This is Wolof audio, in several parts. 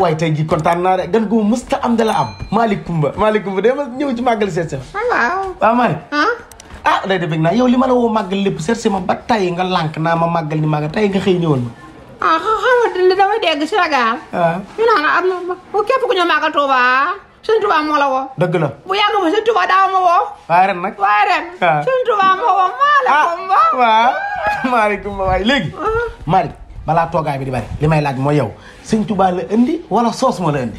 ah tay gi jii na rek gan gu musta am dala am malik kumba malik kumba de ñew ci magal seet si wa waaw ah day def na yow li mala wo magal lepp lépp seet ma ba tay nga lank na ma magal ni maga tay nga xey ñëwal ma ah xam nga dama dégg si ragal ñu na am ko kepp ku ñëw màggal Touba sun tuba mo la wo deug la bu yag ma sun tuba da ma wo waaye ren nak waaye ren sun tuba mo wo malik kumba wa ah. malik kumba way legi malik balaa toogaay bi di bari li may laaj mooy yow sëñ Touba la indi wala soos moo la indi.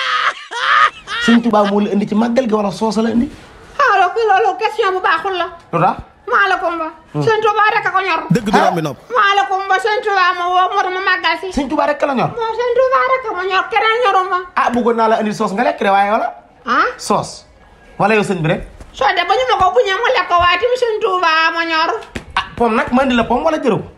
sëñ Touba moo la indi ci màggal gi wala soos la indi. ah loolu loolu question bu baaxul la. maa la hmm. ko a la ko moo ah, la ñor. moom sëñ Touba wala. Ah? soos. wala yow sëñ bi rek. de ba ñu ma ko bu ñëw ma lekk ko waaye tamit sëñ Touba ma ah, pom nag ma indi la pom wala jërëbu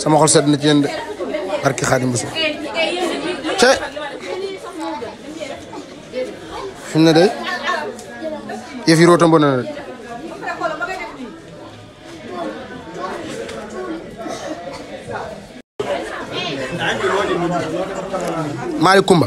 sama xol set na ci yende barki khadim Buso ci fina day yefi de yëf yi rootam bon na Kumba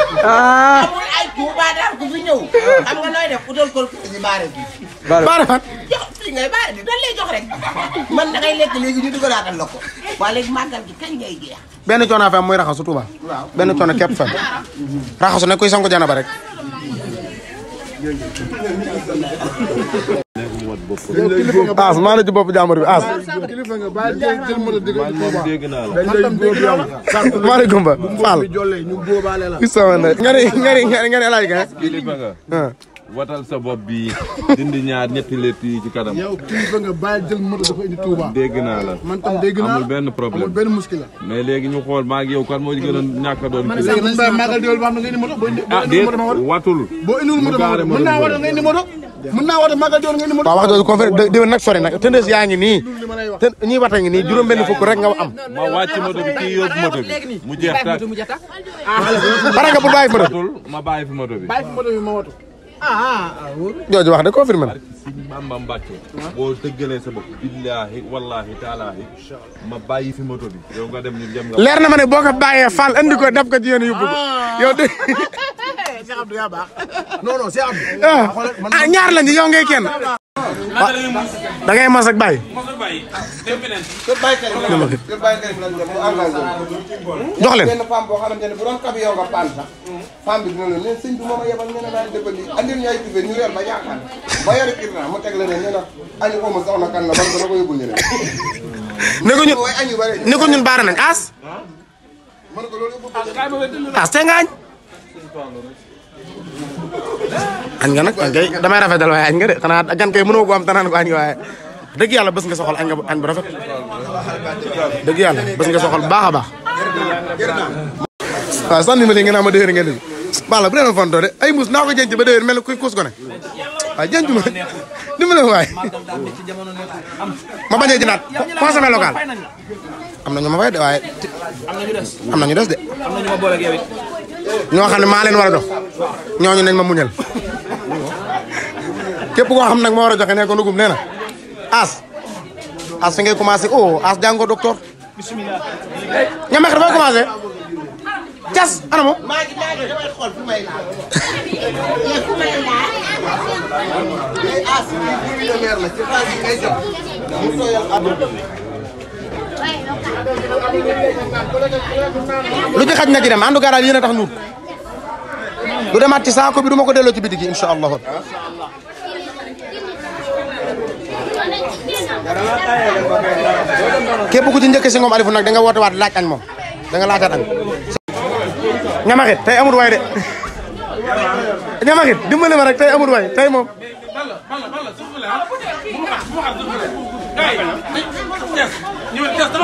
amul ah. ay ku ba daan ku fi ñëw. xam nga looy def ku doon ko ñu baare bi. baare fan. jox fi ngay baare bi jox rek man da ngay lekk léegi ñu dugalaatal la ko waaye léegi màggal gi kañ ngay jeex. benn coono fa am raxasu Tuuba. waaw benn coono képp fa. raxasu nag kuy sangu janaba rek. as maa ne ci bopp jàmbur bi as. maaleykum ba Fall. nga ne nga ne nga ne laaj nga watal sa bopp bi dindi ñaar ñetti létt yi ci kanam. yow kilifa nga bàyyi jël moto dafa indi Touba. dégg naa la man tam dégg naa amul benn problème amul benn muskila. mais léegi ñu xool maa ngi yow kan moo ci gën a ñàkk a doon. man sax man maa ngi leen di wax nga indi moto. boo indi ah, moto ma a ah déet watul. boo indiwul moto ma war a mën naa war a nga indi mën naa woote magal joon nga ni ma waaw wax dëgg conférence déwén nag sori nag tëndees yaa am ma wàcc moto bi kii yóbbu moto bi mu jeex tàkk ah. pare nga pour bàyyi fi moto bi ma bàyyi fi moto bi bàyyi fi moto bi ma watu ah, ah, jooju wax de confirmé na Bamba Mbàkke boo dëggalee sa bopp billaahi wallaahi taalaahi ma bàyyi fi moto non non c'est Abdou. ah ñaar lañu yow ngay kenn. da ngay mas ak Baye. jox leen. benn femme boo xamante ne bu doon kabi nga sax. bi bi yebal ñu ba kirna mu la ne ñu kan la man ko yóbbul ñu ne. ne ko as. as añ nga nag añ damay rafetal waaye añ nga de xanaa ajan kay mënoo ko am tanaan ko añ waaye dëgg yàlla bés nga soxal añ nga añ bu rafet dëgg yàlla bés nga soxal baax a baax waaw ma lii nga ma déwér nga bala bu dee fontoo de ay muus naa ko jenc ba déwér mel ni kuy ko ne ay jenc ma ni mu ne waay ma bañ a jënaat consommé local am ñu ma fay de waaye am na ñu des de am na ñu ma boole ak yow ñoo xam ne maa leen war a jox ñooñu nañ ma muñal képp koo xam nag moo war a joxe ne ko nugum nee na as as fi ngay commencé oh as jàngoo docteur bismillah ñam xar ba commencé lu ci xaj na ci dem àndu gaaraal yéen tax nuut lu demaat ci saako bi du ko delloo ci biti gi incha allahu képp ku ci njëkk si ngoom alifu nag da nga waat laaj añ moom da nga añ ñamaxit tey amul waay de ñama ngeen dimbali ma rek tey amul waay tey moom.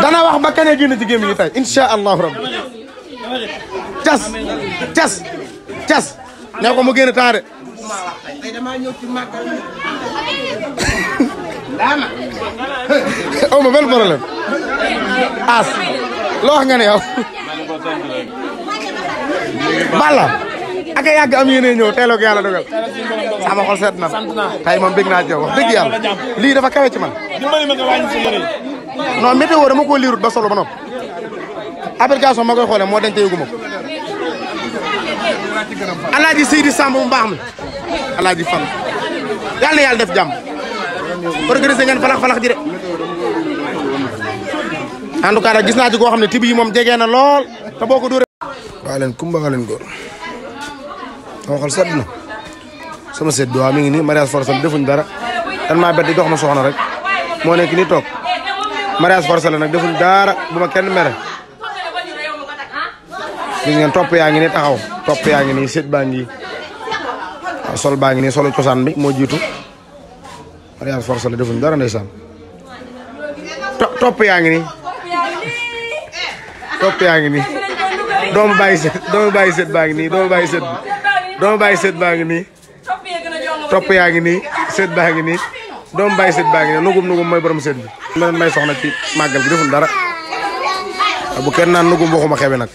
dana wax ba kañ a génn ci gémmiñ tey incha rabbi. cas cas cas ne ko mu génn temps de. aw ma benn problème. Balla. ak a yàgg am yéene ñëw teeloo ko yàlla dogal sama xol seet na tey moom bég naa jow wax dëgg yàlla lii dafa kawe ci man non météo dama ko liirut ba solo ba nopp application ma koy xoolee moo dañ te yëguma ko alaaji Seydi Samb mu baax mi alaaji fan yàlla na yàlla def jàmm organiser ngeen falax falax ji de en tout gis naa ci koo xam ne tib yi moom jege na lool ta boo ko dóoree waa leen kumba waa leen góor sama xol sedd na sama sedd waa mi ngi nii mariage forcé bi defuñ dara dan maa bett di dox ma soxna rek moo nekk ni toog mariage forcé la nag defuñ dara bu ma kenn mere gis ngeen topp yaa ngi nii taxaw topp yaa ngi sedd baa sol baa ngi nii solu cosaan bi moo jiitu mariage forcé la defuñ dara ndeysaan topp yaa ngi nii topp yaa ngi nii doomu bàyyi set doomu bàyyi set doomu bàyyi sët baa ngi nii topp yaa ngi nii sët baa ngi nii doomu bàyyi sët baa ngi nii nugum nugum mooy borom sët bi. ma may soxna ci màggal bi deful dara ah, bu kenn naan nugum waxuma xewi nag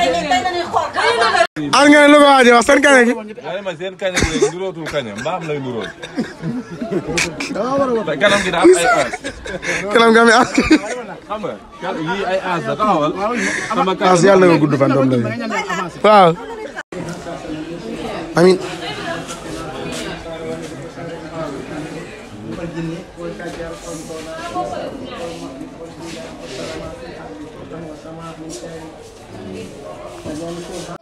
ar ngeen lu ko waaj a wax seen kañ gi. ma ma seen kañ gi léegi nurootul kañ mbaam lay nuróol. te kanam gi daa am ay aas. kanam gi am aas. xam nga yii ay aas la taxawal. aas yàlla na ko gudd fan doom la waaw. amiin. 应该，反正就。